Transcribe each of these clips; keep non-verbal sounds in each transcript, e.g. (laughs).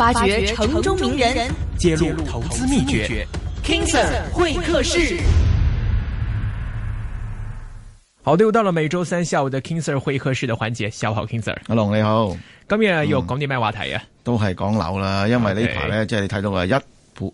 發掘城中名人，人揭露投資秘訣。King Sir 會客室，好，又到了每周三下午的 King Sir 會客室的環節，小跑 King Sir。阿龍你好，今日有講啲咩話題啊？嗯、都係講樓啦，因為這呢排咧，Okay. 即係你睇到啊一。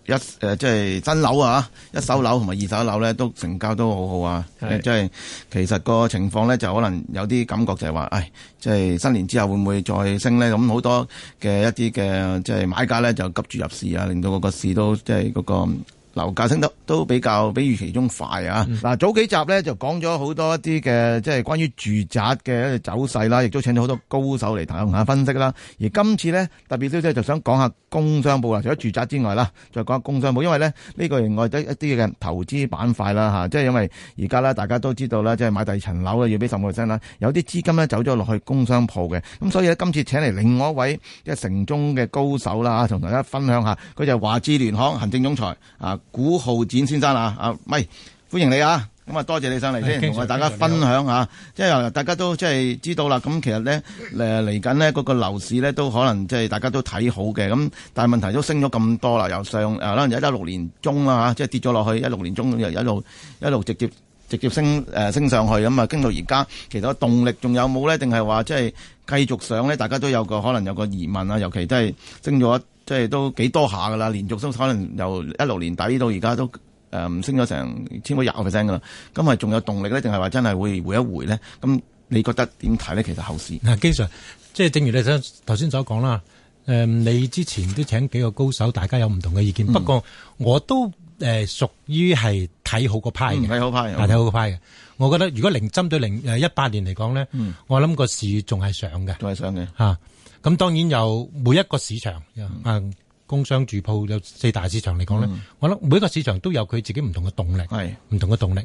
一誒、呃、即係新樓啊，一手樓同埋二手樓咧，都成交都好好啊！係即係其實個情況咧，就可能有啲感覺就係話，唉、哎，即係新年之後會唔會再升咧？咁、嗯、好多嘅一啲嘅即係買家咧，就急住入市啊，令到嗰個市都即係嗰、嗰個。樓價升得都比較比預期中快啊！嗱、嗯，早幾集咧就講咗好多一啲嘅，即、就、係、是、關於住宅嘅走勢啦，亦都請咗好多高手嚟談下分析啦。而今次呢，特別消息，就想講下工商鋪啦。除咗住宅之外啦，再講下工商鋪，因為呢呢、這個另外得一啲嘅投資板塊啦、啊、即係因為而家咧大家都知道啦，即係買第二層樓啊，要俾十個 percent 啦，有啲資金咧走咗落去工商鋪嘅。咁所以咧今次請嚟另外一位即係、就是、城中嘅高手啦同、啊、大家分享下，佢就係華置聯行行政總裁啊。古昊展先生啊，咪，歡迎你啊，咁啊多謝你上嚟先，同大家分享下，即係大家都即係知道啦，咁其實呢，誒嚟緊呢嗰個樓市呢，都可能即係大家都睇好嘅，咁但係問題都升咗咁多啦，由上誒可能由一六年中啦吓，即係跌咗落去一六年中又一路一路直接直接升誒、呃、升上去，咁啊經到而家，其實動力仲有冇呢？定係話即係繼續上呢？大家都有個可能有個疑問啊，尤其即係升咗。.即係都幾多下㗎啦，連續都可能由一六年底到而家都唔、呃、升咗成千五廿個 percent 㗎啦。咁係仲有動力咧，定係話真係會回一回呢？咁你覺得點睇呢？其實後市，嗱，King Sir 即係正如你頭先所講啦、呃。你之前都請幾個高手，大家有唔同嘅意見。嗯、不過我都、呃、屬於係睇好個派嘅，睇、嗯、好個派嘅。派嗯、我覺得如果零針對零誒一八年嚟講呢，嗯、我諗個市仲係上嘅，仲係上嘅。咁當然有每一個市場啊，工商住鋪有四大市場嚟講咧，我諗每一個市場都有佢自己唔同嘅動力，係唔同嘅動力。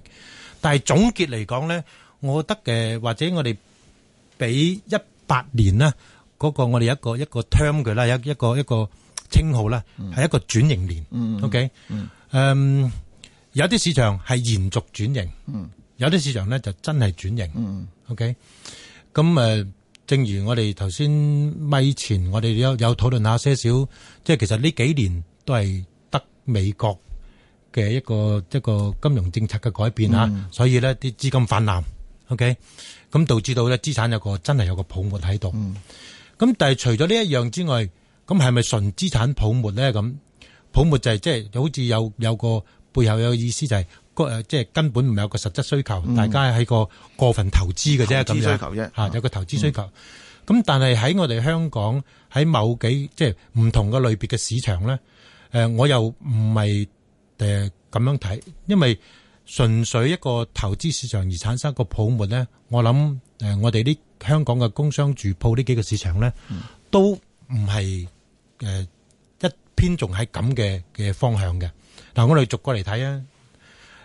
但係總結嚟講咧，我覺得嘅或者我哋俾一八年咧，嗰個我哋一個一個 term 嘅啦，有一一個一個稱號啦，係一個轉型年。嗯嗯。O K。嗯。嗯。有啲市場係延續轉型，嗯。有啲市場咧就真係轉型，嗯嗯。O K。咁誒。正如我哋頭先咪前，我哋有有討論下些少，即係其實呢幾年都係得美國嘅一個一個金融政策嘅改變啊，所以咧啲資金氾濫，OK，咁導致到咧資產有個真係有個泡沫喺度，咁但係除咗呢一樣之外，咁係咪純資產泡沫咧？咁泡沫就係即係好似有有個背後有個意思就係。個誒，即係根本唔係有個實質需求，大家係個過分投資嘅啫，咁吓有個投資需求。咁、嗯、但係喺我哋香港喺某幾即係唔同嘅類別嘅市場咧，誒，我又唔係誒咁樣睇，因為純粹一個投資市場而產生一個泡沫咧，我諗誒，我哋啲香港嘅工商住鋪呢幾個市場咧，嗯、都唔係誒一偏重喺咁嘅嘅方向嘅。嗱，我哋逐個嚟睇啊。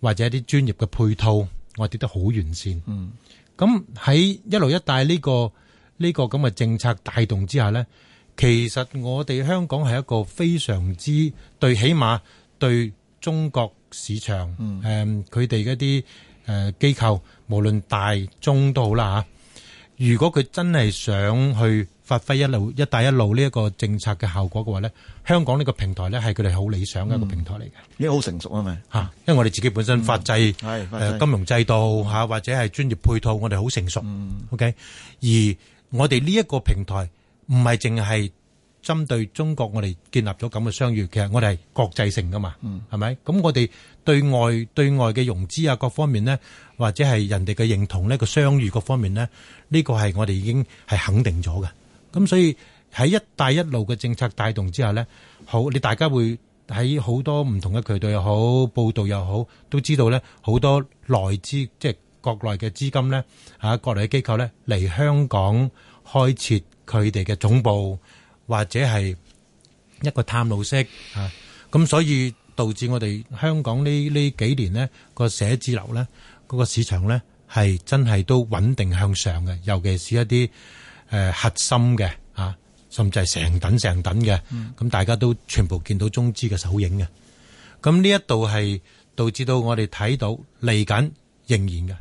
或者一啲專業嘅配套，我哋都好完善。咁喺一路一帶呢、呢個呢、呢個咁嘅政策帶動之下咧，其實我哋香港係一個非常之對，起碼對中國市場，誒佢哋嗰啲誒機構，無論大中都好啦嚇。如果佢真係想去，發揮一路“一帶一路”呢一個政策嘅效果嘅話咧，香港呢個平台咧係佢哋好理想嘅一個平台嚟嘅，啲好成熟啊嘛吓，因為我哋自己本身法制，誒金融制度吓，或者係專業配套，我哋好成熟。O K，而我哋呢一個平台唔係淨係針對中國，我哋建立咗咁嘅商譽，其實我哋係國際性噶嘛，係咪？咁我哋對外對外嘅融資啊，各方面咧，或者係人哋嘅認同咧，個商譽各方面咧，呢個係我哋已經係肯定咗嘅。咁所以喺一帶一路嘅政策帶動之下咧，好你大家會喺好多唔同嘅渠道又好，報道又好，都知道咧好多內資即係國內嘅資金咧，吓、啊、國內嘅機構咧嚟香港開設佢哋嘅總部或者係一個探路式啊，咁所以導致我哋香港呢呢幾年咧、個寫字樓咧嗰個市場咧係真係都穩定向上嘅，尤其是一啲。誒，核心嘅啊，甚至係成等成等嘅，咁、嗯、大家都全部見到中資嘅手影嘅。咁呢一度係導致我到我哋睇到嚟緊仍然嘅，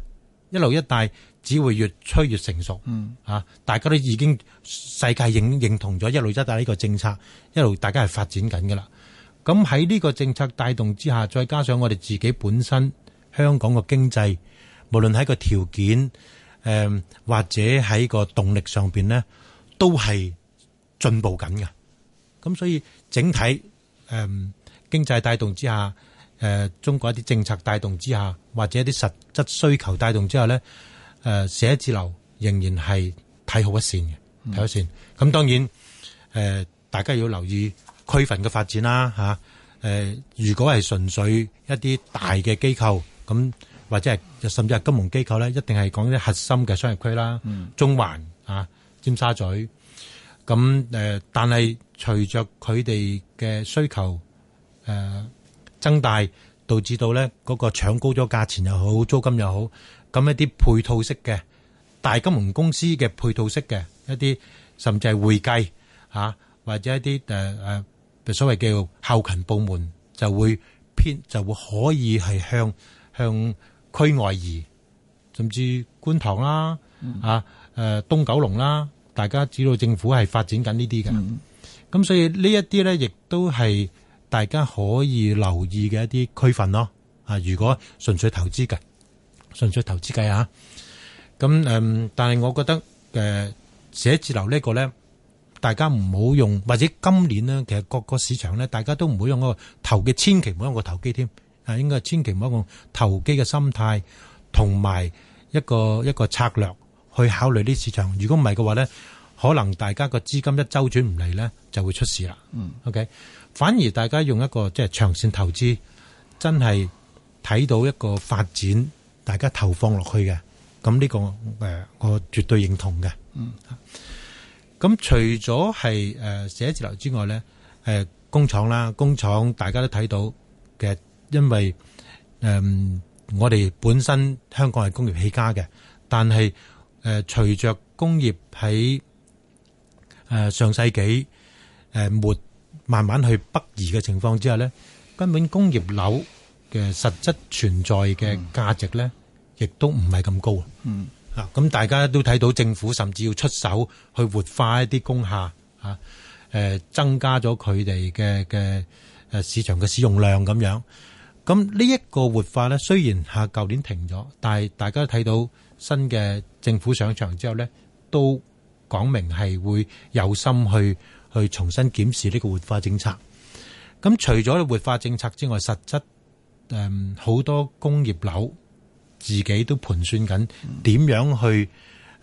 一路一帶只會越吹越成熟。嗯、啊、大家都已經世界認認同咗一路一帶呢個政策，一路大家係發展緊㗎喇。咁喺呢個政策帶動之下，再加上我哋自己本身香港嘅經濟，無論喺個條件。誒，或者喺個動力上邊咧，都係進步緊嘅。咁所以整體誒、嗯、經濟帶動之下，誒、呃、中國一啲政策帶動之下，或者一啲實質需求帶動之下咧，誒、呃、寫字樓仍然係睇好一線嘅，睇好一線。咁、嗯、當然誒、呃，大家要留意區分嘅發展啦，吓、啊。誒、呃，如果係純粹一啲大嘅機構咁。或者係甚至係金融機構咧，一定係講啲核心嘅商業區啦，中環啊、尖沙咀。咁誒，但係隨著佢哋嘅需求誒增大，導致到咧嗰個搶高咗價錢又好，租金又好。咁一啲配套式嘅大金融公司嘅配套式嘅一啲，甚至係會計嚇，或者一啲誒誒，所謂叫後勤部門就會偏就會可以係向向區外移，甚至觀塘啦，啊、嗯，誒，東九龍啦，大家知道政府係發展緊呢啲嘅，咁、嗯、所以呢一啲咧，亦都係大家可以留意嘅一啲區份咯，啊，如果純粹投資嘅，純粹投資計吓，咁誒，但係我覺得誒寫字樓呢、這個咧，大家唔好用，或者今年呢，其實各個市場咧，大家都唔好用，不用個投機，千祈唔好用個投機添。啊，應該千祈唔好用投機嘅心態，同埋一個一個策略去考慮啲市場。如果唔係嘅話咧，可能大家個資金一週轉唔嚟咧，就會出事啦。嗯，OK。反而大家用一個即係長線投資，真係睇到一個發展，大家投放落去嘅。咁呢個誒，我絕對認同嘅。嗯。咁除咗係誒寫字樓之外咧，誒工廠啦，工廠大家都睇到嘅。因為誒，我哋本身香港係工業起家嘅，但係誒，隨着工業喺誒上世紀誒末慢慢去北移嘅情況之下咧，根本工業樓嘅實質存在嘅價值咧，亦都唔係咁高。嗯，啊，咁大家都睇到政府甚至要出手去活化一啲工廈啊，誒，增加咗佢哋嘅嘅誒市場嘅使用量咁樣。咁呢一個活化咧，雖然係舊年停咗，但係大家都睇到新嘅政府上場之後咧，都講明係會有心去去重新檢視呢個活化政策。咁除咗嘅活化政策之外，實質誒好多工業樓自己都盤算緊點樣去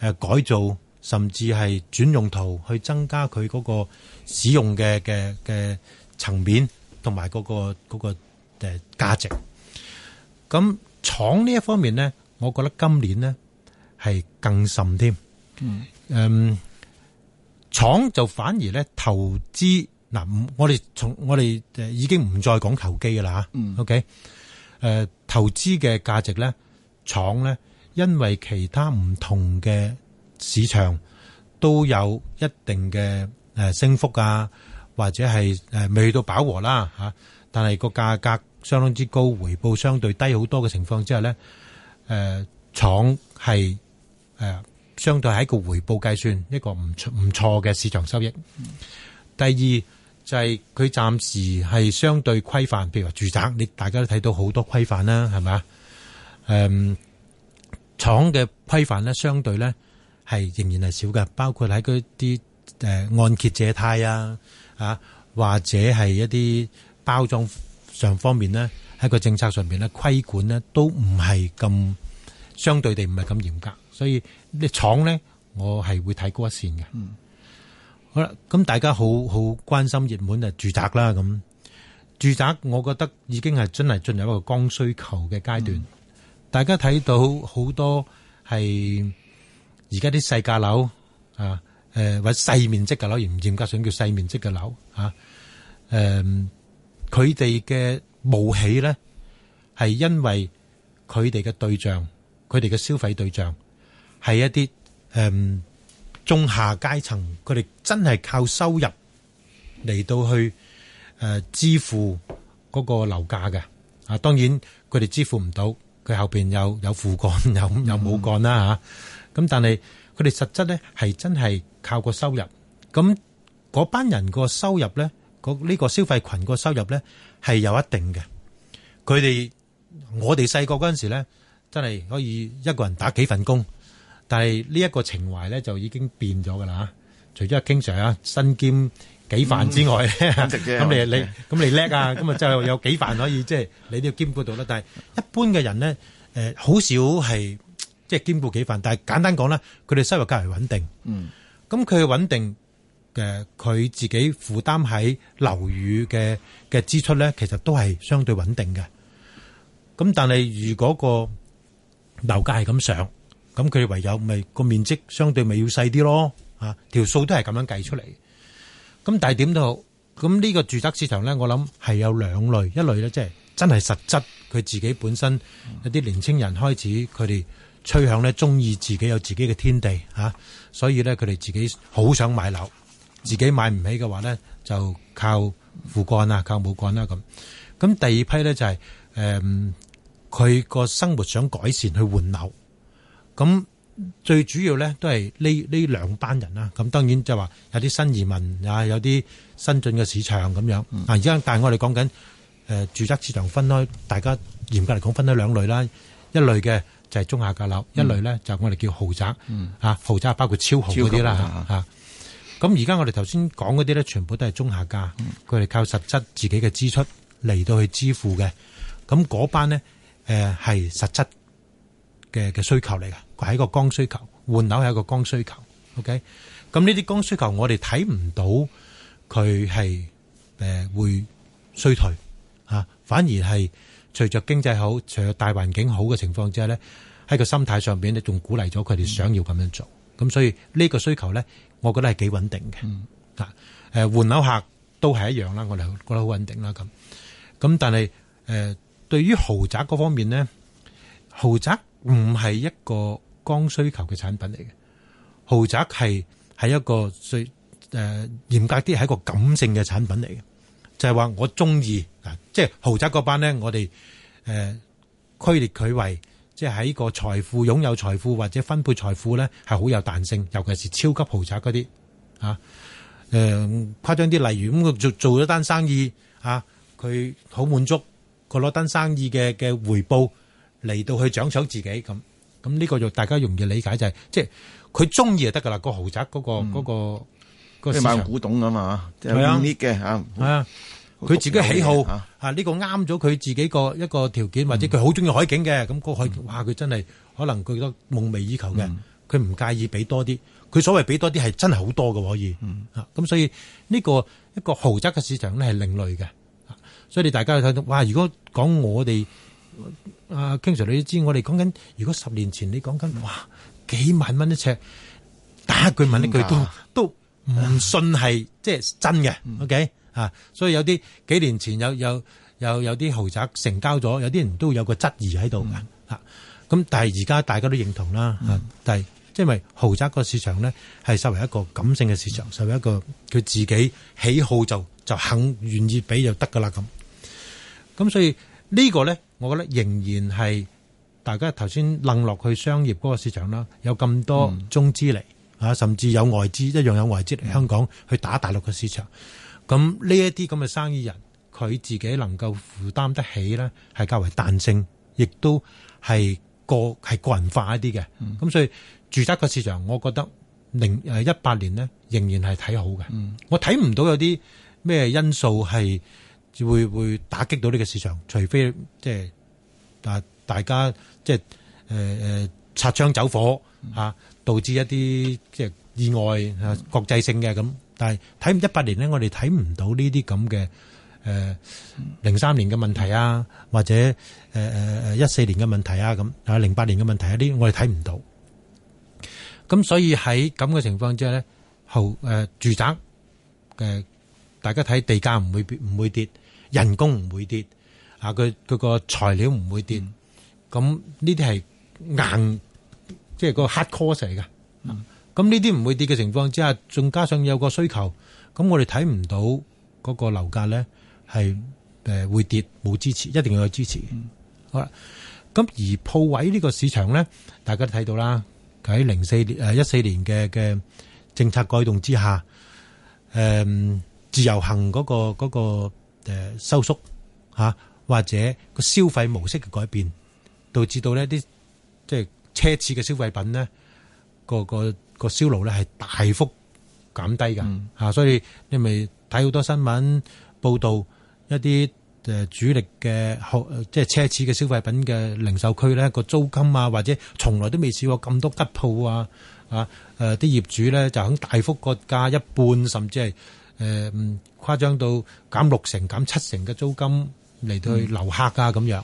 誒改造，甚至係轉用途去增加佢嗰個使用嘅嘅嘅層面，同埋嗰個嗰個。嗯、嘅價值，咁廠呢一方面呢，我覺得今年呢係更甚添。嗯，誒、嗯，廠就反而咧投資嗱，我哋從我哋誒已經唔再講投機噶啦吓。OK，誒，投資嘅價值咧，廠咧因為其他唔同嘅市場都有一定嘅誒升幅啊，或者係誒未去到飽和啦吓。但係個價格相當之高，回報相對低好多嘅情況之下咧，誒、呃，廠係誒、呃、相對係一個回報計算一個唔唔錯嘅市場收益。嗯、第二就係、是、佢暫時係相對規範，譬如話住宅，你大家都睇到好多規範啦，係咪？誒、呃，廠嘅規範咧，相對咧係仍然係少嘅，包括喺嗰啲誒按揭借貸啊，啊或者係一啲。包裝上方面呢，喺個政策上邊呢，規管呢都唔係咁相對地唔係咁嚴格，所以啲廠呢我係會睇高一線嘅。嗯、好啦，咁大家好好關心熱門嘅住宅啦，咁住宅我覺得已經係真係進入一個剛需求嘅階段。嗯、大家睇到好多係而家啲細價樓啊，誒、呃，或者細面積嘅樓，而唔嚴格上叫細面積嘅樓啊，誒、呃。佢哋嘅冒起咧，係因為佢哋嘅對象，佢哋嘅消費對象係一啲誒、嗯、中下階層，佢哋真係靠收入嚟到去誒、呃、支付嗰個樓價嘅啊。當然佢哋支付唔到，佢後邊有有父幹，有有冇幹啦吓，咁、嗯啊、但係佢哋實質咧係真係靠個收入，咁嗰班人個收入咧。嗰呢個消費群個收入咧係有一定嘅，佢哋我哋細個嗰陣時咧，真係可以一個人打幾份工，但係呢一個情懷咧就已經變咗㗎喇嚇。除咗經常啊身兼幾份之外咧，咁你你咁你叻啊，咁啊就有幾份可以即係你都要兼顧到啦。但係一般嘅人咧，誒好少係即係兼顧幾份。但係簡單講咧，佢哋收入較為穩定。嗯，咁佢穩定。嘅佢自己負擔喺樓宇嘅嘅支出咧，其實都係相對穩定嘅。咁但係如果個樓價係咁上，咁佢唯有咪個面積相對咪要細啲咯。啊，條數都係咁樣計出嚟。咁但係點都好，咁、這、呢個住宅市場咧，我諗係有兩類，一類咧即係真係實質佢自己本身有啲、嗯、年青人開始佢哋趨向咧，中意自己有自己嘅天地吓，所以咧佢哋自己好想買樓。自己買唔起嘅話咧，就靠父幹啊，靠母幹啦咁。咁第二批咧就係、是、誒，佢、呃、個生活想改善去換樓。咁最主要咧都係呢呢兩班人啦。咁當然就話有啲新移民啊，有啲新進嘅市場咁樣。啊、嗯，而家但係我哋講緊誒住宅市場分開，大家嚴格嚟講分開兩類啦。一類嘅就係中下價樓，嗯、一類咧就我哋叫豪宅。嚇、嗯，豪宅包括超豪嗰啲啦。咁而家我哋頭先講嗰啲咧，全部都係中下價，佢哋靠實質自己嘅支出嚟到去支付嘅。咁嗰班咧，誒係實質嘅嘅需求嚟噶，佢係一個剛需求，換樓係一個剛需求。OK，咁呢啲剛需求我哋睇唔到佢係誒會衰退啊，反而係隨着經濟好，隨着大環境好嘅情況之下咧，喺個心態上邊咧，仲鼓勵咗佢哋想要咁樣做。咁所以呢個需求咧，我覺得係幾穩定嘅。吓、嗯，誒、呃，換樓客都係一樣啦，我哋覺得好穩定啦。咁，咁但係誒、呃，對於豪宅嗰方面咧，豪宅唔係一個剛需求嘅產品嚟嘅，豪宅係係一個最誒嚴格啲係一個感性嘅產品嚟嘅，就係、是、話我中意嗱，即係豪宅嗰班咧，我哋誒區列佢為。即係喺個財富擁有財富或者分配財富咧，係好有彈性，尤其是超級豪宅嗰啲啊！誒、呃，誇張啲例如咁，佢做做咗單生意啊，佢好滿足，佢攞單生意嘅嘅回報嚟到去獎賞自己咁，咁呢個就大家容易理解就係、是，即係佢中意就得噶啦，個豪宅嗰、那個嗰、嗯、個嗰市場，你買古董咁嘛，即係好嘅佢自己喜好啊，呢個啱咗佢自己個一個條件，或者佢好中意海景嘅，咁個海景，哇！佢真係可能佢都夢寐以求嘅。佢唔介意俾多啲，佢所謂俾多啲係真係好多嘅可以。啊，咁所以呢個一個豪宅嘅市場咧係另類嘅。所以你大家睇到，哇！如果講我哋啊，King Sir 你都知我哋講緊，如果十年前你講緊，哇，幾萬蚊一尺，打一句問一句都都唔信係即係真嘅。OK。啊！所以有啲幾年前有有有啲豪宅成交咗，有啲人都有個質疑喺度嘅吓。咁但係而家大家都認同啦。嗯啊、但係即係因為豪宅個市場呢係稍為一個感性嘅市場，稍、嗯、為一個佢自己喜好就就肯願意俾就得噶啦咁。咁所以呢個呢，我覺得仍然係大家頭先愣落去商業嗰個市場啦，有咁多中資嚟、嗯、啊，甚至有外資一樣有外資嚟香港去打大陸嘅市場。咁呢一啲咁嘅生意人，佢自己能夠負擔得起咧，係較為彈性，亦都係個係個人化一啲嘅。咁、嗯、所以住宅嘅市場，我覺得零誒一八年呢，仍然係睇好嘅。嗯、我睇唔到有啲咩因素係會會打擊到呢個市場，除非即係啊大家即係誒誒擦槍走火嚇，嗯、導致一啲即係意外啊國際性嘅咁。但係睇一八年咧，我哋睇唔到呢啲咁嘅，誒零三年嘅問題啊，或者誒誒誒一四年嘅問題啊，咁啊零八年嘅問題呢啲，我哋睇唔到。咁所以喺咁嘅情況之下咧，後誒住宅嘅大家睇地價唔會跌，唔會跌，人工唔會跌，啊佢佢個材料唔會跌。咁呢啲係硬，即係個 hard cost 嚟噶。咁呢啲唔會跌嘅情況之下，仲加上有個需求，咁我哋睇唔到嗰個樓價咧係誒會跌，冇支持，一定要有支持。好啦，咁而鋪位呢個市場咧，大家都睇到啦，喺零四年誒一四年嘅嘅政策改動之下，誒自由行嗰個嗰個誒收縮吓，或者個消費模式嘅改變，導致到呢啲即係奢侈嘅消費品咧個個。個銷路咧，係大幅減低噶，吓、嗯，所以你咪睇好多新聞報道，一啲誒主力嘅即係奢侈嘅消費品嘅零售區咧，個租金啊，或者從來都未試過咁多吉鋪啊，啊誒啲、啊、業主咧就肯大幅割價一半，甚至係誒誇張到減六成，減七成嘅租金嚟到去留客啊咁、嗯、樣。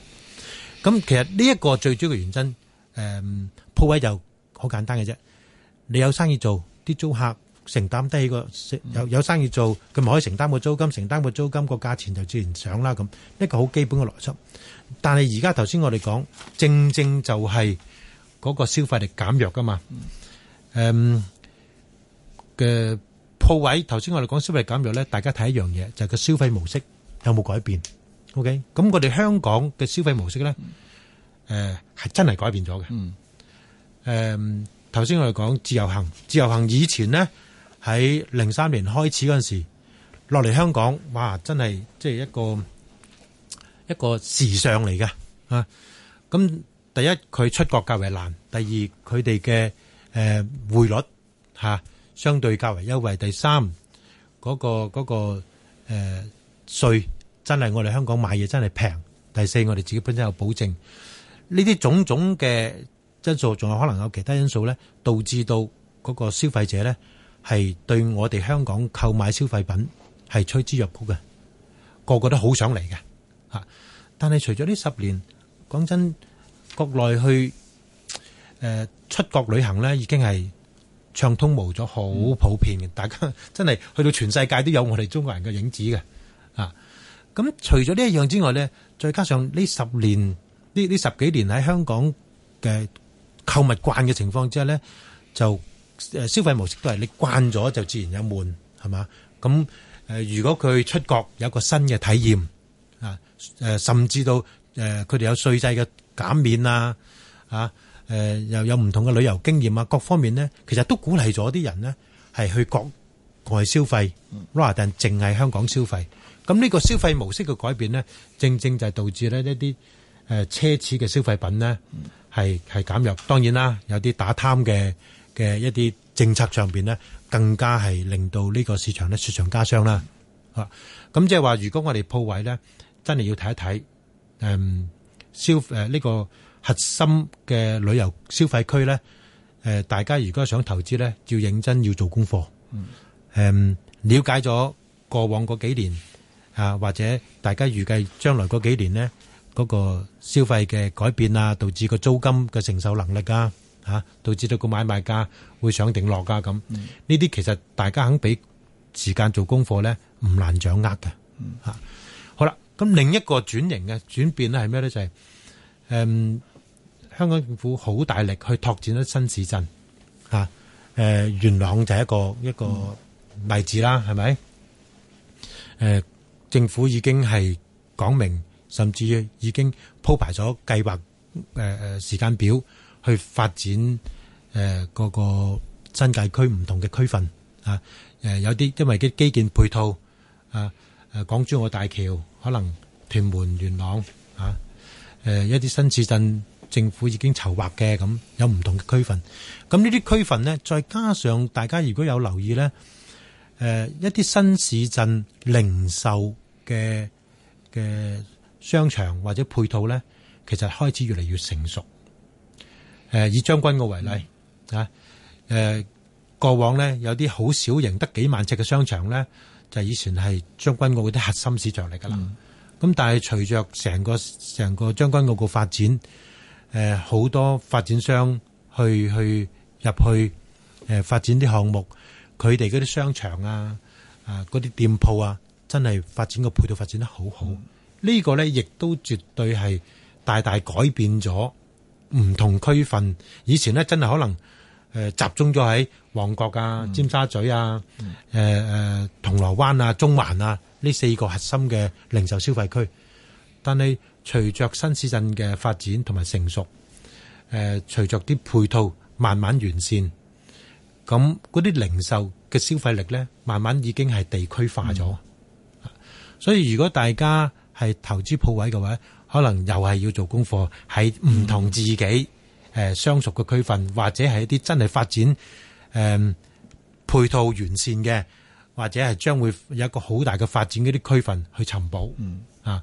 咁其實呢一個最主要嘅原因，誒、嗯、鋪位就好簡單嘅啫。你有生意做，啲租客承擔得起個有有生意做，佢咪可以承擔個租金，承擔個租金個價錢就自然上啦咁，呢個好基本嘅邏輯。但係而家頭先我哋講，正正就係嗰個消費力減弱㗎嘛。誒嘅鋪位，頭先我哋講消費力減弱咧，大家睇一樣嘢，就係個消費模式有冇改變。OK，咁我哋香港嘅消費模式咧，誒係真係改變咗嘅。誒。頭先我哋講自由行，自由行以前呢喺零三年開始嗰陣時落嚟香港，哇！真係即係一個一個時尚嚟嘅啊。咁第一，佢出國較為難；第二，佢哋嘅誒匯率吓相對較為優惠；第三，嗰個嗰個誒稅真係我哋香港買嘢真係平；第四，我哋自己本身有保證呢啲種種嘅。質素，仲有可能有其他因素咧，導致到嗰個消費者咧係對我哋香港購買消費品係趨之若鶩嘅，個個都好想嚟嘅嚇。但係除咗呢十年，講真，國內去誒出國旅行咧，已經係暢通無阻，好普遍嘅。大家真係去到全世界都有我哋中國人嘅影子嘅啊。咁除咗呢一樣之外咧，再加上呢十年呢呢十幾年喺香港嘅購物慣嘅情況之下咧，就誒消費模式都係你慣咗就自然有悶係嘛？咁誒如果佢出國有個新嘅體驗啊誒，甚至到誒佢哋有稅制嘅減免啊嚇誒，又有唔同嘅旅遊經驗啊各方面咧，其實都鼓勵咗啲人咧係去國外消費，rather than 淨係香港消費。咁呢個消費模式嘅改變咧，正正就係導致咧一啲誒奢侈嘅消費品咧。係係減弱，當然啦，有啲打貪嘅嘅一啲政策上面咧，更加係令到呢個市場咧雪上加霜啦。嚇，咁即係話，如果我哋鋪位咧，真係要睇一睇，誒消誒呢個核心嘅旅遊消費區咧，誒大家如果想投資咧，要認真要做功課，誒瞭解咗過往嗰幾年啊，或者大家預計將來嗰幾年咧。嗰個消費嘅改變啊，導致個租金嘅承受能力啊，吓導致到個買賣價會上定落啊，咁呢啲其實大家肯俾時間做功課咧，唔難掌握嘅吓。好啦，咁另一個轉型嘅轉變咧係咩咧？就係，誒，香港政府好大力去拓展咗新市鎮吓，誒，元朗就係一個一個例子啦，係咪？誒，政府已經係講明。甚至已經鋪排咗計劃、誒、誒時間表去發展，誒嗰個新界區唔同嘅區份啊，誒有啲因為啲基建配套啊，誒港珠澳大橋可能屯門元朗啊，誒一啲新市鎮政府已經籌劃嘅，咁有唔同嘅區份，咁呢啲區份呢，再加上大家如果有留意呢，誒一啲新市鎮零售嘅嘅。的商場或者配套咧，其實開始越嚟越成熟。以將軍澳為例啊，誒、嗯、過往呢有啲好小型得幾萬尺嘅商場咧，就以前係將軍澳嗰啲核心市場嚟噶啦。咁、嗯、但係隨着成個成個將軍澳個發展，好多發展商去去入去誒發展啲項目，佢哋嗰啲商場啊、啊嗰啲店鋪啊，真係發展個配套發展得好好。嗯。呢個呢，亦都絕對係大大改變咗唔同區份。以前呢，真係可能誒、呃、集中咗喺旺角啊、嗯、尖沙咀啊、誒誒銅鑼灣啊、中環啊呢四個核心嘅零售消費區。但係隨着新市鎮嘅發展同埋成熟，誒、呃、隨着啲配套慢慢完善，咁嗰啲零售嘅消費力呢，慢慢已經係地區化咗。嗯、所以如果大家，係投資鋪位嘅話，可能又係要做功課，喺唔同自己誒、相熟嘅區份，或者係一啲真係發展誒配套完善嘅，或者係將會有一個好大嘅發展嗰啲區份去尋寶。嗯啊，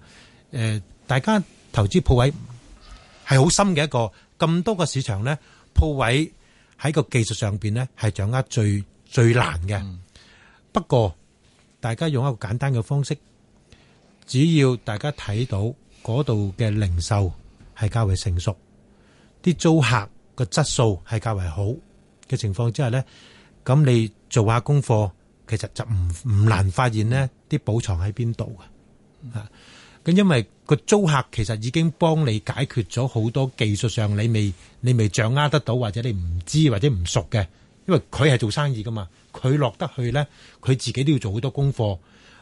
誒、呃，大家投資鋪位係好深嘅一個咁多個市場咧，鋪位喺個技術上邊咧係掌握最最難嘅。不過大家用一個簡單嘅方式。只要大家睇到嗰度嘅零售係較為成熟，啲租客個質素係較為好嘅情況之下咧，咁你做下功課，其實就唔唔難發現咧，啲寶藏喺邊度嘅。啊，咁因為個租客其實已經幫你解決咗好多技術上你未你未掌握得到或者你唔知或者唔熟嘅，因為佢係做生意噶嘛，佢落得去咧，佢自己都要做好多功課。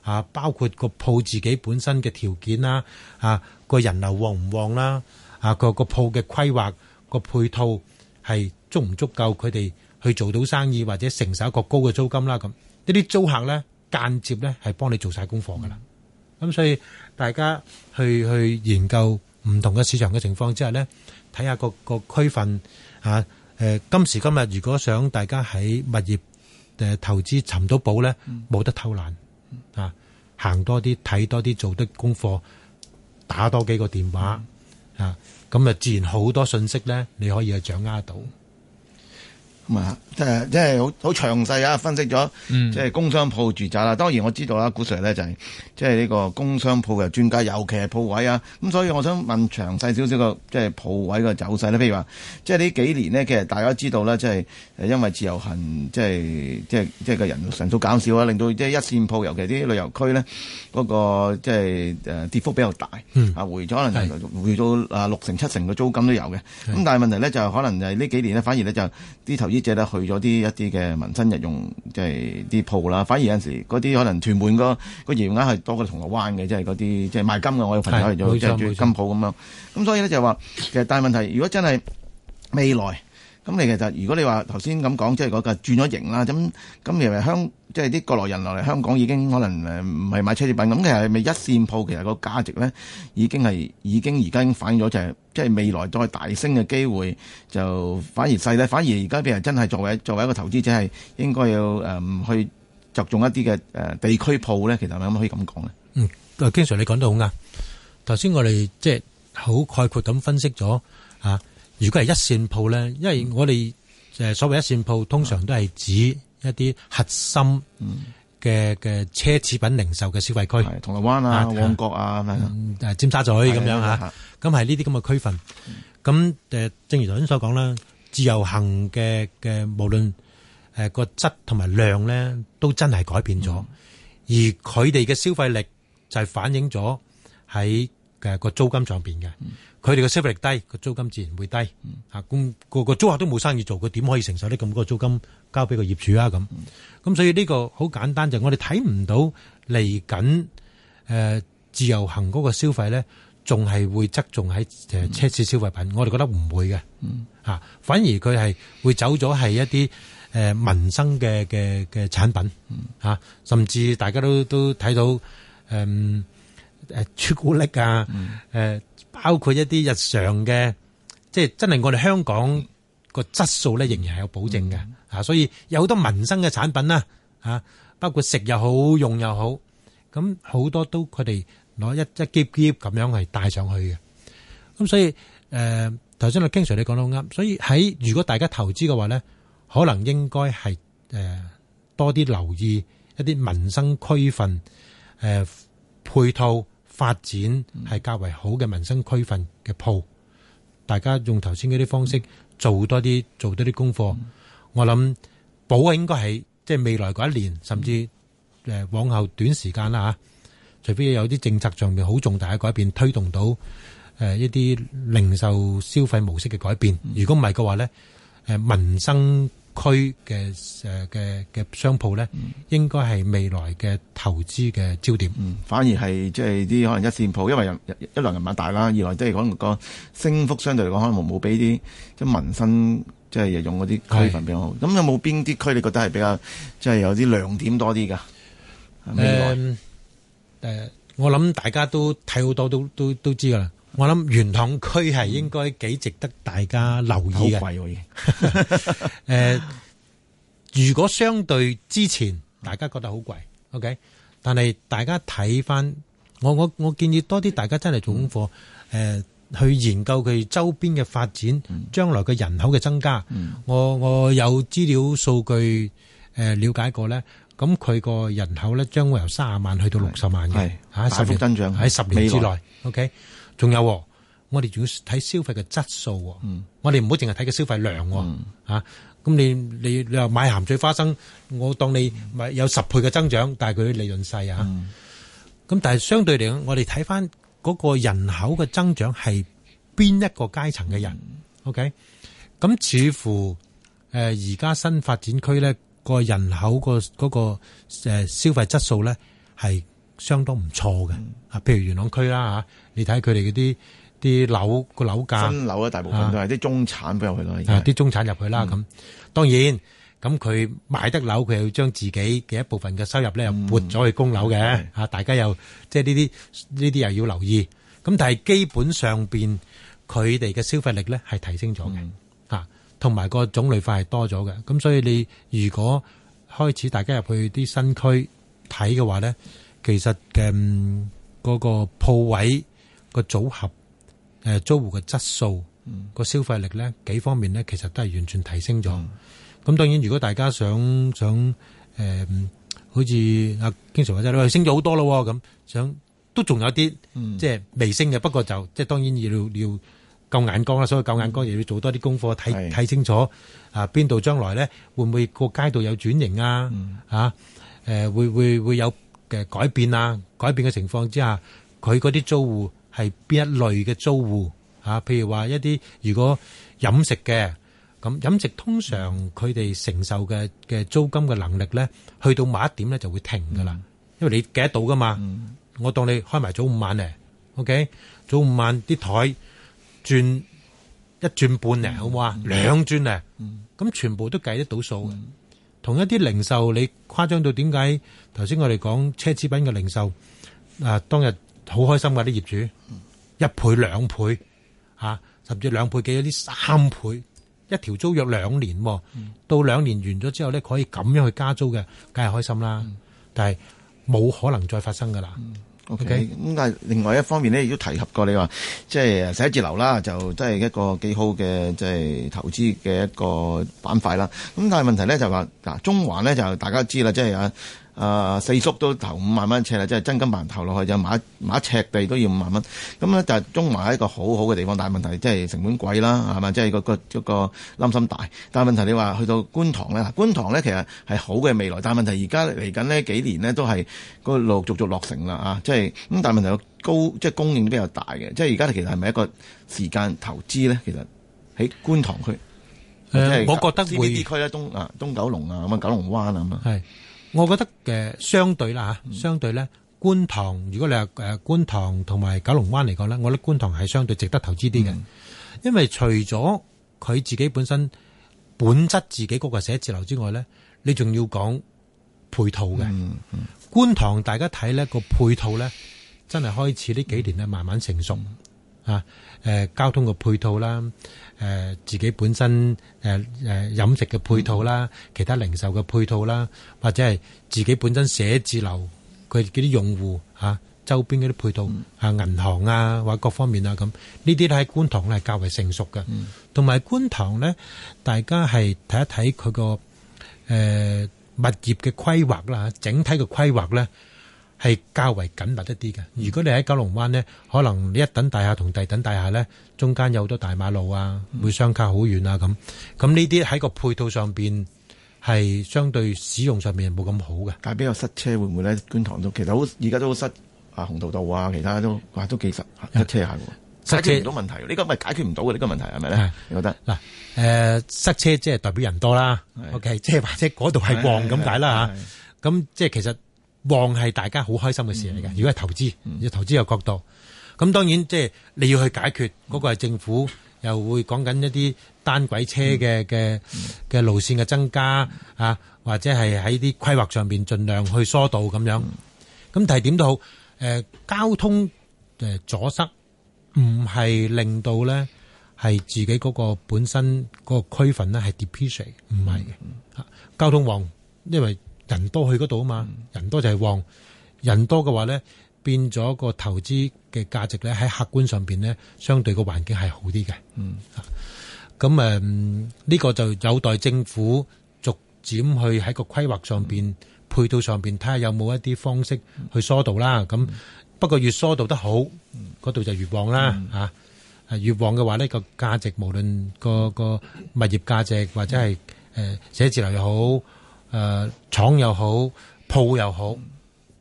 啊！包括個鋪自己本身嘅條件啦，啊，個人流旺唔旺啦，啊，個個鋪嘅規劃、個配套係足唔足夠佢哋去做到生意或者承受一個高嘅租金啦？咁呢啲租客咧，間接咧，係幫你做晒功課㗎啦。咁所以大家去去研究唔同嘅市場嘅情況之下咧，睇下個個區份啊，誒，今時今日如果想大家喺物業誒投資尋到寶咧，冇得偷懶。行多啲，睇多啲，做的功課，打多幾個電話，啊，咁啊，自然好多信息咧，你可以去掌握到。咁、嗯嗯、啊，即係即係好好詳細啊，分析咗、嗯、即係工商鋪住宅啦。當然我知道啦，古 Sir 咧就係、是、即係呢個工商鋪嘅專家，尤其係鋪位啊。咁所以我想問詳細少少個即係鋪位嘅走勢咧。譬如話即係呢幾年咧，其實大家知道啦，即係因為自由行，即係即係即係個人人數減少啊，令到即係一線鋪尤其啲旅遊區咧個即係誒、啊、跌幅比較大啊，嗯、回咗可能是回到啊六成七成嘅租金都有嘅。咁是的 但係問題咧就是、可能就係呢幾年咧，反而咧就啲、是、頭。啲只咧去咗啲一啲嘅民生日用即係啲鋪啦，反而有陣時啲可能屯門、嗰個營業額係多過銅鑼灣嘅，即係啲即係賣金嘅，我有朋友係做即係做金鋪咁樣，咁錯所以咧就係話其實大問題如果真係未來。咁你其實，如果你話頭先咁講，即係嗰個轉咗型啦，咁咁你為香，即係啲國內人落嚟香港已經可能唔係買奢侈品咁，其實係咪一線鋪，其實個價值咧已經係已經而家已經反映咗，就係即係未來再大升嘅機會就反而細咧，反而而家俾人真係作為作為一個投資者係應該要誒、嗯、去着重一啲嘅地區鋪咧，其實係咪咁可以咁講呢？嗯，誒，King Sir，你講得好啱。頭先我哋即係好概括咁分析咗啊。如果係一線鋪咧，因為我哋誒所謂一線鋪，通常都係指一啲核心嘅嘅奢侈品零售嘅消費區，銅鑼灣啊、旺角啊、誒尖沙咀咁樣吓，咁係呢啲咁嘅區份。咁誒，正如頭先所講啦，自由行嘅嘅無論誒個質同埋量咧，都真係改變咗。而佢哋嘅消費力就係反映咗喺誒個租金上邊嘅。佢哋嘅消費力低，個租金自然會低嚇。咁個個租客都冇生意做，佢點可以承受得咁高租金交俾個業主啊？咁咁所以呢個好簡單，就我哋睇唔到嚟緊誒自由行嗰個消費咧，仲係會側重喺誒奢侈消費品。我哋覺得唔會嘅嚇，反而佢係會走咗係一啲誒民生嘅嘅嘅產品嚇，甚至大家都都睇到誒誒朱古力啊誒。包括一啲日常嘅，即係真係我哋香港個質素咧，仍然係有保證嘅嚇，所以有好多民生嘅產品啦嚇，包括食又好，用又好，咁好多都佢哋攞一一夾夾咁樣係帶上去嘅。咁所以誒，頭先阿 King Sir 你講得啱，所以喺如果大家投資嘅話咧，可能應該係誒多啲留意一啲民生區份誒配套。發展係較為好嘅民生區份嘅鋪，嗯、大家用頭先嗰啲方式做多啲，做多啲功課。嗯、我諗保啊，應該係即係未來嗰一年，甚至誒往後短時間啦吓，除非有啲政策上面好重大嘅改變，推動到誒一啲零售消費模式嘅改變。嗯、如果唔係嘅話咧，誒民生。區嘅誒嘅嘅商鋪咧，應該係未來嘅投資嘅焦點。嗯，反而係即係啲可能一線鋪，因為人一一來銀碼大啦，二來即係講個升幅相對嚟講可能冇冇比啲即係民生即係用嗰啲區份比較好。咁是有冇邊啲區你覺得係比較即係、就是、有啲亮點多啲噶？未來？誒誒、呃呃，我諗大家都睇好多都都都知噶啦。我諗元朗區係應該幾值得大家留意嘅。好貴喎，已經。誒，如果相對之前，大家覺得好貴，OK？但係大家睇翻，我我我建議多啲大家真係做功課，誒，去研究佢周邊嘅發展，將來嘅人口嘅增加。我我有資料數據誒了解過咧，咁佢個人口咧將會由卅萬去到六十萬嘅，係啊，大幅增長喺十年之內，OK？仲有，我哋仲要睇消費嘅質素。我哋唔好淨係睇個消費量。吓，咁你你你又買鹹水花生，我當你咪有十倍嘅增長，但係佢利潤細啊。咁但係相對嚟講，我哋睇翻嗰個人口嘅增長係邊一個階層嘅人？OK，咁似乎誒而家新發展區咧個人口個嗰個誒消費質素咧係。相當唔錯嘅，啊，譬如元朗區啦吓，你睇佢哋嗰啲啲樓個樓價，新樓咧大部分都係啲是中產入去咯，啲中產入去啦咁、嗯。當然咁佢買得樓，佢又將自己嘅一部分嘅收入咧又撥咗去供樓嘅，吓，嗯、大家又即係呢啲呢啲又要留意。咁但係基本上邊佢哋嘅消費力咧係提升咗嘅，吓，同埋個種類化係多咗嘅。咁所以你如果開始大家入去啲新區睇嘅話咧。其實嘅嗰、嗯個鋪位，個組合誒，呃，租戶嘅質素個，嗯、消費力咧，幾方面咧，其實都係完全提升咗。咁、嗯、當然，如果大家想想誒、呃，好似阿經常話齋啦，升咗好多咯咁，想都仲有啲、嗯、即係微升嘅。不過就即係當然要要，要夠眼光啦，所謂夠眼光亦要做多啲功課，睇睇、嗯、清楚是啊，邊度將來咧會唔會個街道有轉型啊？嗯、啊，誒、呃，會會會有。嘅改變啊，改變嘅情況之下，佢嗰啲租戶係邊一類嘅租戶啊？譬如話一啲如果飲食嘅咁飲食，通常佢哋承受嘅嘅租金嘅能力咧，去到某一點咧就會停㗎喇，因為你計得到㗎嘛。我當你開埋早五晚咧，OK，早五晚啲枱轉一轉半咧，好唔好啊？兩轉咧，咁全部都計得到數嘅。同一啲零售，你誇張到點解？頭先我哋講奢侈品嘅零售，啊，當日好開心㗎、啊、啲業主，一倍兩倍、啊、甚至兩倍幾，有啲三倍，一條租約兩年、啊，到兩年完咗之後呢，可以咁樣去加租嘅，梗係開心啦、啊。但係冇可能再發生㗎啦。O K，咁但係另外一方面呢，亦都提及過你話，即係寫字樓啦，就真係一個幾好嘅即係投資嘅一個板塊啦。咁但係問題呢，就話嗱，中環呢，就大家知啦，即係啊。誒、呃、四叔都投五萬蚊尺啦，即係真金白投落去就買買一尺地都要五萬蚊。咁呢，就中埋喺一個好好嘅地方，但係問題即係成本貴啦，係嘛？即、就、係、是、個個個個心大。但係問題你話去到觀塘咧，觀塘呢其實係好嘅未來，但係問題而家嚟緊呢幾年呢，都係個陸陸續續落成啦啊！即係咁，但係問題高，即、就、係、是、供應比較大嘅。即係而家其實係咪一個時間投資呢？其實喺觀塘區，我覺得 CBD 區咧會、啊，東啊東九龍啊咁啊，九龍灣啊咁啊。我覺得嘅相對啦吓，相對咧觀塘，如果你話誒觀塘同埋九龍灣嚟講咧，我覺得觀塘係相對值得投資啲嘅，嗯、因為除咗佢自己本身本質自己嗰個寫字樓之外咧，你仲要講配套嘅。嗯嗯，觀塘大家睇咧個配套咧，真係開始呢幾年咧慢慢成熟。啊！誒、啊、交通嘅配套啦，誒、啊、自己本身誒誒、啊啊、飲食嘅配套啦，嗯、其他零售嘅配套啦，或者係自己本身寫字樓佢嗰啲用戶嚇、啊、周邊嗰啲配套嚇、嗯啊、銀行啊或者各方面啊咁，呢啲都喺觀塘咧係較為成熟嘅，同埋觀塘咧大家係睇一睇佢個誒物業嘅規劃啦，整體嘅規劃咧。係較為緊密一啲嘅。如果你喺九龍灣呢，可能一等大廈同第二等大廈呢，中間有好多大馬路啊，會相隔好遠啊咁。咁呢啲喺個配套上邊係相對使用上面冇咁好嘅。但係比較塞車會唔會呢？觀塘都其實好，而家都好塞啊，鴻圖道啊，其他都都幾是塞，塞車下。塞車唔到問題，呢個咪解決唔到嘅呢個問題係咪咧？你覺得嗱？誒，塞車即係代表人多啦。是 OK，即係或者嗰度係旺咁解啦吓。咁即係其實。旺係大家好開心嘅事嚟嘅，如果係投資，以投資嘅角度，咁當然即係你要去解決嗰個係政府又會講緊一啲單軌車嘅嘅嘅路線嘅增加啊，或者係喺啲規劃上邊盡量去疏導咁樣。咁但係點都好，誒交通誒阻塞唔係令到咧係自己嗰個本身嗰個區份咧係 depreciation 唔係嘅吓，交通旺因為。人多去嗰度啊嘛，人多就係旺，人多嘅話咧，變咗個投資嘅價值咧喺客觀上邊咧，相對個環境係好啲嘅。嗯，咁誒呢個就有待政府逐漸去喺個規劃上邊、嗯、配套上邊睇下有冇一啲方式去疏導啦。咁、嗯、不過越疏導得好，嗰度、嗯、就越旺啦、嗯啊。越旺嘅話呢，個價值無論個個物業價值或者係誒寫字樓又好。誒，廠又好，鋪又好，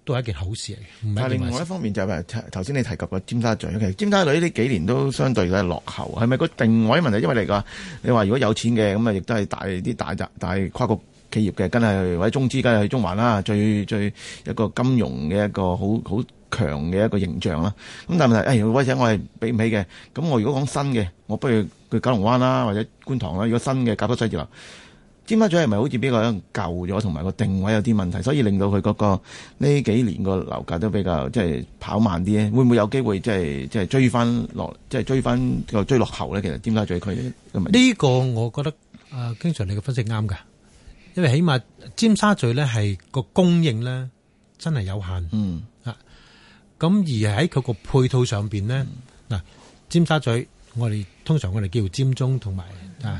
都係一件好事嚟嘅。但係另外一方面就係頭先你提及嘅、嗯、尖沙咀，其實尖沙咀呢幾年都相對嘅落後，係咪個定位問題？因為嚟講，你話如果有錢嘅，咁啊亦都係大啲大雜大跨國企業嘅，梗係或者中資，梗係中環啦，最最一個金融嘅一個好好強嘅一個形象啦。咁但係誒，威、哎、姐我係俾唔起嘅。咁我如果講新嘅，我不如去九龍灣啦，或者觀塘啦。如果新嘅，搞多寫字樓。尖沙咀係咪好似比較舊咗，同埋個定位有啲問題，所以令到佢嗰個呢幾年個樓價都比較即係跑慢啲咧？會唔會有機會即係即係追翻落，即係追翻個追、追、追落後咧？其實尖沙咀佢呢個我覺得啊，經常你嘅分析啱噶，因為起碼尖沙咀咧係個供應咧真係有限，嗯咁、啊、而喺佢個配套上邊咧嗱，嗯、尖沙咀我哋通常我哋叫尖中同埋啊。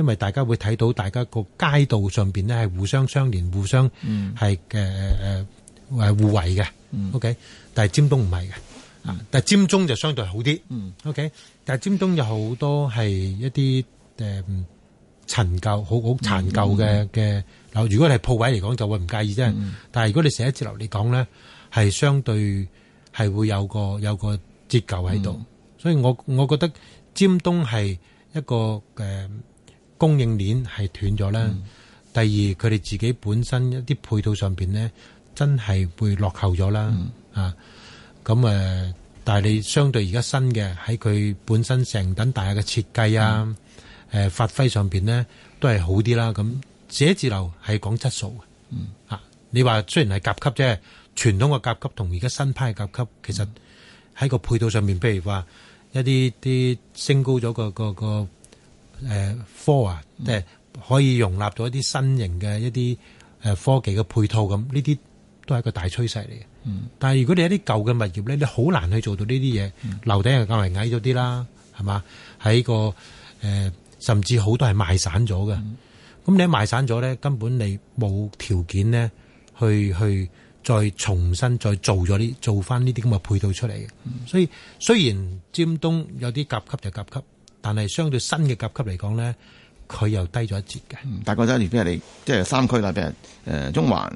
因為大家會睇到，大家個街道上邊咧係互相相連，互相係嘅誒誒，互惠嘅。嗯、OK，但係尖東唔係嘅啊，嗯、但係尖中就相對好啲。嗯、OK，但係尖東有好多係一啲誒陳舊，好好殘舊嘅嘅樓。嗯嗯、如果你係鋪位嚟講，就會唔介意啫。嗯、但係如果你寫字樓嚟講咧，係相對係會有個有個折舊喺度，嗯、所以我我覺得尖東係一個誒。呃供應鏈係斷咗啦，第二佢哋自己本身一啲配套上面呢，真係會落後咗啦、嗯、啊！咁誒，但係你相對而家新嘅喺佢本身成棟大廈嘅設計啊、誒、嗯啊、發揮上面呢，都係好啲啦。咁寫字樓係講質素嘅、嗯啊、你話雖然係甲級啫，傳統嘅甲級同而家新派嘅甲級，其實喺個配套上面，譬如話一啲啲升高咗個個個。誒、呃，科啊，即係可以容納到一啲新型嘅一啲誒科技嘅配套咁，呢啲都係一個大趨勢嚟嘅。嗯，但係如果你一啲舊嘅物業咧，你好難去做到呢啲嘢。樓頂又較為矮咗啲啦，係嘛？喺個誒、呃，甚至好多係賣散咗嘅。咁、嗯、你一賣散咗咧，根本你冇條件咧去去再重新再做咗啲做翻呢啲咁嘅配套出嚟嘅。所以雖然尖東有啲甲級就甲級。但係相對新嘅甲級嚟講呢，佢又低咗一截嘅、嗯。大覺得仔，譬如你即係、就是、三區啦，譬如誒、呃、中環、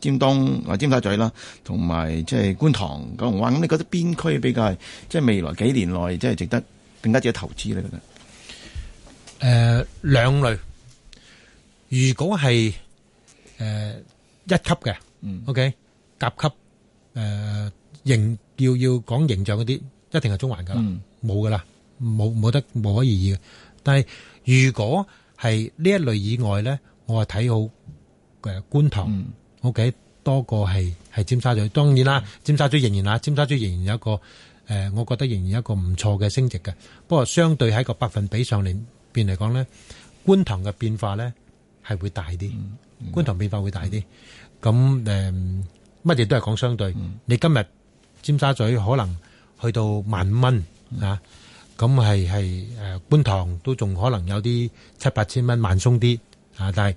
尖東或尖沙咀啦，同埋即係觀塘、九龍灣。咁你覺得邊區比較係即係未來幾年內即係值得更加值得投資咧？覺得誒兩類，如果係誒、呃、一級嘅，OK 甲級誒形、呃、要要講形象嗰啲，一定係中環噶啦，冇噶啦。冇冇得冇可異議嘅。但係如果係呢一類以外咧，我係睇好誒觀塘，我睇、嗯 okay, 多過係係尖沙咀。當然啦，嗯、尖沙咀仍然啦尖沙咀仍然有一個誒、呃，我覺得仍然有一個唔錯嘅升值嘅。不過相對喺個百分比上嚟邊嚟講咧，觀塘嘅變化咧係會大啲，嗯嗯、觀塘變化會大啲。咁誒、嗯，乜嘢、嗯嗯、都係講相對。嗯、你今日尖沙咀可能去到萬五蚊、嗯、啊！咁係係誒觀塘都仲可能有啲七八千蚊慢鬆啲啊！但係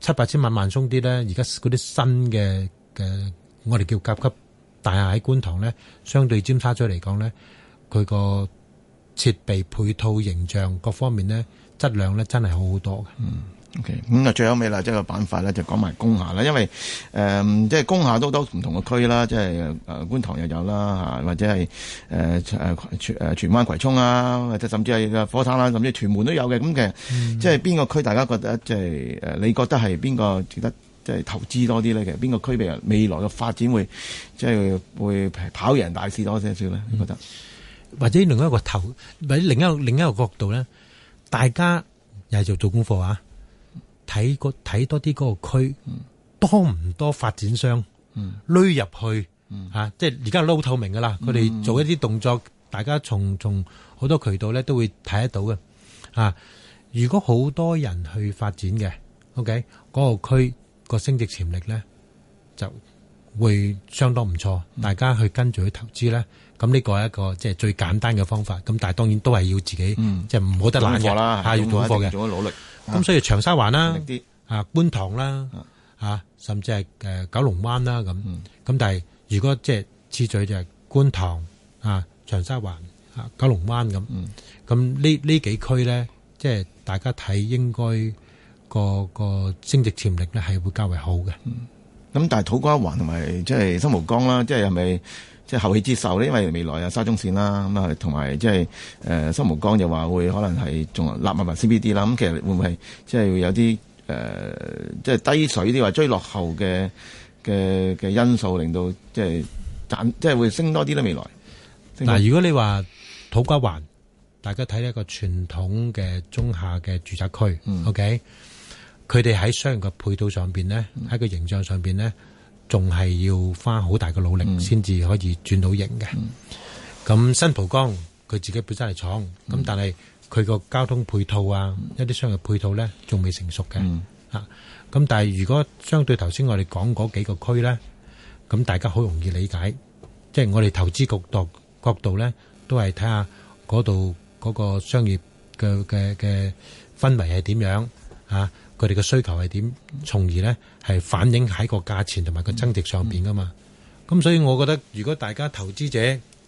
七八千萬慢鬆啲咧，而家嗰啲新嘅嘅我哋叫甲級大廈喺觀塘咧，相對尖沙咀嚟講咧，佢個設備配套、形象各方面咧，質量咧真係好好多嘅。嗯 OK，咁、嗯、啊，最後尾啦！即係個板塊咧，就講埋工廈啦。因為誒，即係工廈都都唔同嘅區啦，即係誒觀塘又有啦，吓或者係誒誒荃灣葵涌啊，或者甚至係火炭啦、啊，甚至屯門都有嘅。咁其實即係邊個區，大家覺得即係誒，你覺得係邊個值得即係、就是、投資多啲咧？其實邊個區譬如未來嘅發展會即係、就是、會跑贏大市多少少咧？嗯、覺得？或者另外一個或者另一另一個角度咧，大家又係做做功課啊？睇睇多啲嗰個區，多唔多發展商累入去吓，即係而家撈透明噶啦，佢哋做一啲動作，大家從從好多渠道咧都會睇得到嘅吓。如果好多人去發展嘅，OK，嗰個區個升值潛力咧就會相當唔錯。大家去跟住去投資咧，咁呢個係一個即係最簡單嘅方法。咁但係當然都係要自己即係唔好得懶惰啦，要做一嘅努力。咁、啊、所以長沙灣啦、啊，啊觀塘啦，啊甚至係九龍灣啦咁。咁但係如果即係次序就係觀塘啊、長沙灣啊、九龍灣咁。咁呢呢幾區咧，即係大家睇應該,應該個個升值潛力咧，係會較為好嘅。咁、嗯、但係土瓜灣同埋即係新蒲崗啦，即係係咪？即後起之秀咧，因為未來啊沙中線啦，咁啊同埋即係誒深毛江又話會可能係仲立物還 CBD 啦，咁其實會唔會即係會有啲誒即係低水啲或者追落後嘅嘅嘅因素，令到即係賺即係會升多啲咧未來。嗱，但如果你話土瓜灣，大家睇一個傳統嘅中下嘅住宅區、嗯、OK，佢哋喺商業嘅配套上邊咧，喺個形象上邊咧。仲係要花好大嘅努力先至可以轉到型嘅。咁新浦江佢自己本身係廠，咁但係佢個交通配套啊，一啲商業配套咧，仲未成熟嘅。啊，咁但係如果相對頭先我哋講嗰幾個區咧，咁大家好容易理解，即係我哋投資角度角度咧，都係睇下嗰度嗰個商業嘅嘅嘅氛圍係點樣啊。佢哋嘅需求係點，從而呢係反映喺個價錢同埋個增值上面噶嘛？咁、嗯嗯、所以，我覺得如果大家投資者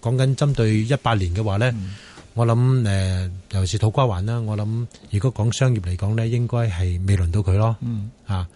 講緊針對一八年嘅話呢，嗯、我諗誒、呃，尤其是土瓜灣啦，我諗如果講商業嚟講呢，應該係未輪到佢咯嚇。咁、嗯啊、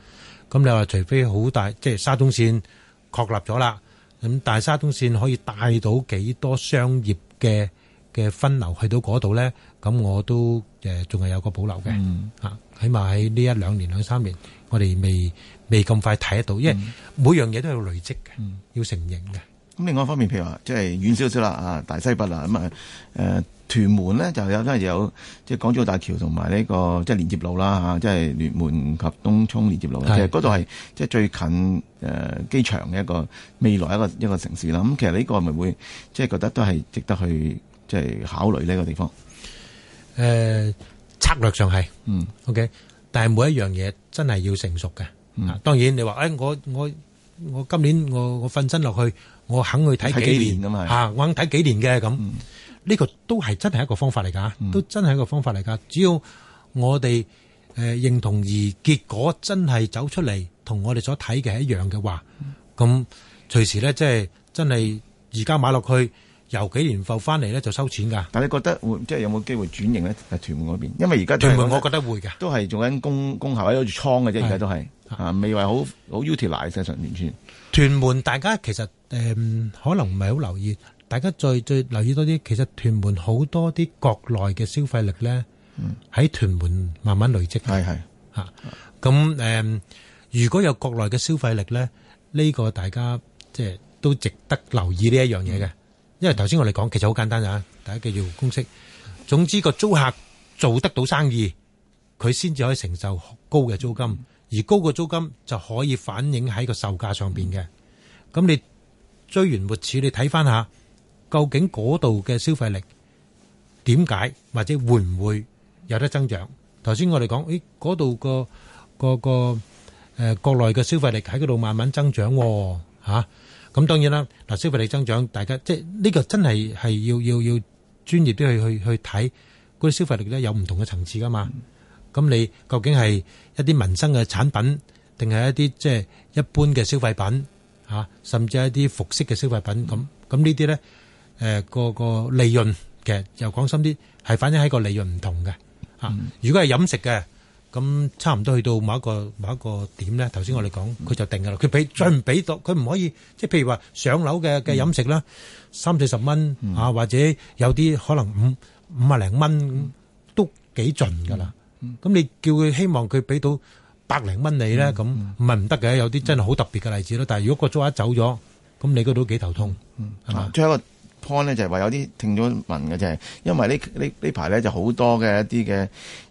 你話除非好大，即係沙中線確立咗啦，咁但係沙中線可以帶到幾多商業嘅嘅分流去到嗰度呢？咁我都誒仲係有個保留嘅嚇。嗯啊起碼喺呢一兩年兩三年我們，我哋未未咁快睇得到，因為每樣嘢都有累積嘅，嗯、要承認嘅。咁另外一方面，譬如話即係遠少少啦，啊大西北啊，咁啊誒屯門呢就有真係有即係港珠澳大橋同埋呢個即係連接路啦，吓即係屯門及東涌連接路，其實嗰度係即係最近誒機場嘅一個未來一個一個城市啦。咁其實呢個係咪會即係覺得都係值得去即係考慮呢個地方？誒、呃。策略上係，嗯，OK，但係每一樣嘢真係要成熟嘅。當然你話，誒，我我我今年我我瞓身落去，我肯去睇幾年嘅嘛，吓，我肯睇幾年嘅咁。呢個都係真係一個方法嚟噶，都真係一個方法嚟噶。只要我哋誒認同，而結果真係走出嚟，同我哋所睇嘅係一樣嘅話，咁隨時咧，即係真係而家買落去。由幾年後翻嚟咧就收錢噶。但係你覺得會即係有冇機會轉型咧？係屯門嗰邊，因為而家屯門，我覺得會嘅，都係做緊工工後好似倉嘅啫，而家都係啊，未話好好 utilize 上完全屯門，大家其實誒可能唔係好留意，大家再再留意多啲。其實屯門好多啲國內嘅消費力咧，喺屯門慢慢累積。係係嚇咁，誒，如果有國內嘅消費力咧，呢個大家即係都值得留意呢一樣嘢嘅。因為頭先我哋講，其實好簡單啊！大家記住公式，總之個租客做得到生意，佢先至可以承受高嘅租金，而高嘅租金就可以反映喺個售價上邊嘅。咁、嗯、你追完活似，你睇翻下，究竟嗰度嘅消費力點解或者會唔會有得增長？頭先我哋講，誒，嗰度個個個誒國內嘅消費力喺嗰度慢慢增長，吓、啊。咁當然啦，嗱消費力增長，大家即係呢個真係係要要要專業啲去去去睇嗰啲消費力咧有唔同嘅層次噶嘛。咁你究竟係一啲民生嘅產品，定係一啲即係一般嘅消費品啊？甚至係一啲服飾嘅消費品咁咁呢啲咧，誒個個利潤嘅又講深啲係，反映喺個利潤唔同嘅啊。如果係飲食嘅。咁差唔多去到某一個某一個點咧，頭先我哋講佢就定噶啦，佢俾再唔俾到，佢唔可以即係譬如話上樓嘅嘅飲食啦，嗯、三四十蚊、嗯、啊，或者有啲可能五五啊零蚊都幾盡噶啦。咁、嗯嗯、你叫佢希望佢俾到百零蚊你咧，咁唔係唔得嘅。有啲真係好特別嘅例子咯。但如果個租客走咗，咁你嗰度都幾頭痛。最後、嗯啊、吧一個 point 咧就係、是、話有啲聽咗聞嘅就係，因為呢呢呢排咧就好多嘅一啲嘅。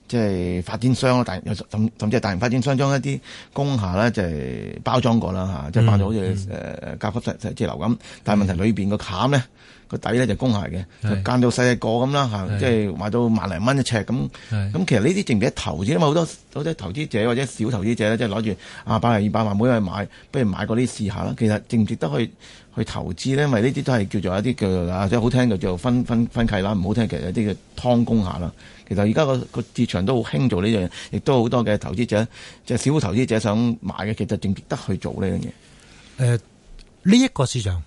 即係發展商咯，大甚至係大型發展商將一啲工廈咧，就係包裝過啦嚇、嗯嗯呃，即係包到好似誒甲級即即樓咁。嗯、但係問題裏邊個餡咧，個底咧就工廈嘅，間到細細個咁啦嚇，啊、是即係賣到萬零蚊一尺咁。咁是其實呢啲值唔值得投資啫嘛，因為好多好多投資者或者小投資者咧，即係攞住啊百零二百萬每人買，不如買嗰啲試下啦。其實值唔值得去去投資咧？因為呢啲都係叫做一啲叫，叫做啊，即好聽就叫分分分契啦，唔好聽其實有啲叫劏工廈啦。其實而家個個市場都好興做呢樣嘢，亦都好多嘅投資者，即係小投資者想買嘅，其實正值得去做呢樣嘢？誒、呃、呢、這、一個市場，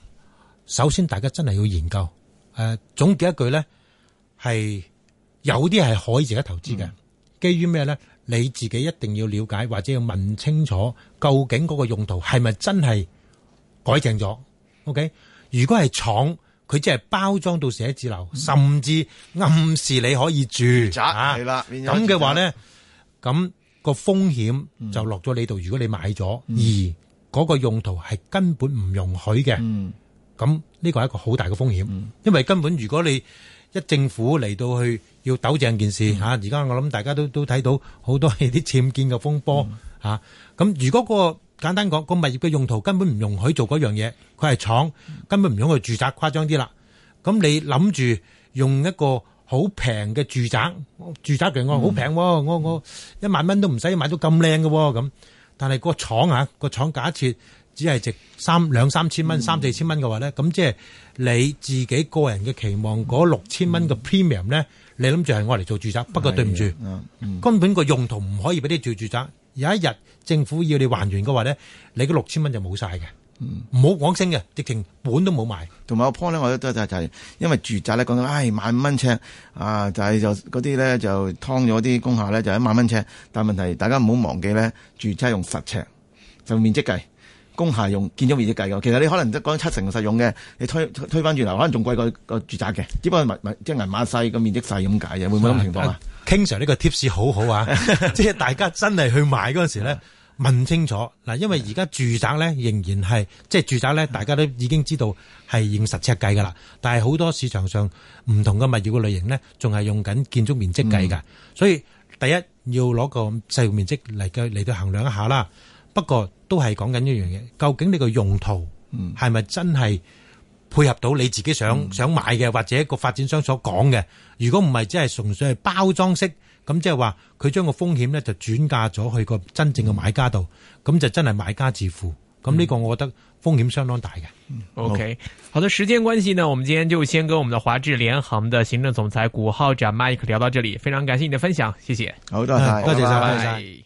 首先大家真係要研究。誒、呃，總結一句咧，係有啲係可以自己投資嘅。嗯、基於咩咧？你自己一定要了解，或者要問清楚，究竟嗰個用途係咪真係改正咗？OK，如果係廠。佢只係包裝到寫字樓，甚至暗示你可以住。係啦，咁嘅話咧，咁的個風險就落咗你度。嗯、如果你買咗，而嗰個用途係根本唔容許嘅，咁呢、嗯、個係一個好大嘅風險。嗯、因為根本如果你一政府嚟到去要糾正件事嚇，而家、嗯啊、我諗大家都都睇到好多係啲僭建嘅風波嚇。咁、嗯啊、如果、嗰個簡單講，個物業嘅用途根本唔容許做嗰樣嘢，佢係廠，根本唔用去住宅，誇張啲啦。咁你諗住用一個好平嘅住宅，住宅嘅、嗯、我好平，我我一萬蚊都唔使買到咁靚嘅咁。但係個廠啊，個廠假設只係值三兩三千蚊，三四千蚊嘅話咧，咁、嗯、即係你自己個人嘅期望嗰六、嗯、千蚊嘅 premium 咧，你諗住係我嚟做住宅，不過對唔住，嗯、根本個用途唔可以俾你做住宅。有一日政府要你還原嘅話咧，你嗰六千蚊就冇晒嘅，唔好講升嘅，直情本都冇埋、就是。同埋個 point 咧，我覺得都就係因為住宅咧講緊，唉、哎、萬蚊尺啊，就係、是、就嗰啲咧就劏咗啲工廈咧就一萬蚊尺，但問題大家唔好忘記咧，住宅用實尺就面積計。工廈用建築面積計嘅，其實你可能即講七成實用嘅，你推推翻轉頭可能仲貴過個住宅嘅，只不過即係銀碼細，個面積細咁解嘅，會唔會咁情況啊？King Sir 呢個 tips 好好啊，即係 (laughs) 大家真係去買嗰陣時呢，問清楚嗱，因為而家住宅呢，仍然係即係住宅呢，大家都已經知道係用實尺計噶啦，但係好多市場上唔同嘅物業嘅類型呢，仲係用緊建築面積計㗎。嗯、所以第一要攞個細面積嚟嘅嚟到衡量一下啦。不過都係講緊一樣嘢，究竟你個用途係咪真係配合到你自己想，嗯、想買嘅，或者個發展商所講嘅？如果唔係，即係純粹係包裝式，咁即係話佢將個風險咧就轉嫁咗去個真正嘅買家度，咁就真係買家自負。咁呢個我覺得風險相當大嘅。OK、嗯、好的，時間關係呢，我們今天就先跟我們的華置聯行的行政總裁古昊展 Mike 聊到這裏，非常感謝你的分享，謝謝。好，多謝，嗯、多謝，拜拜。拜拜。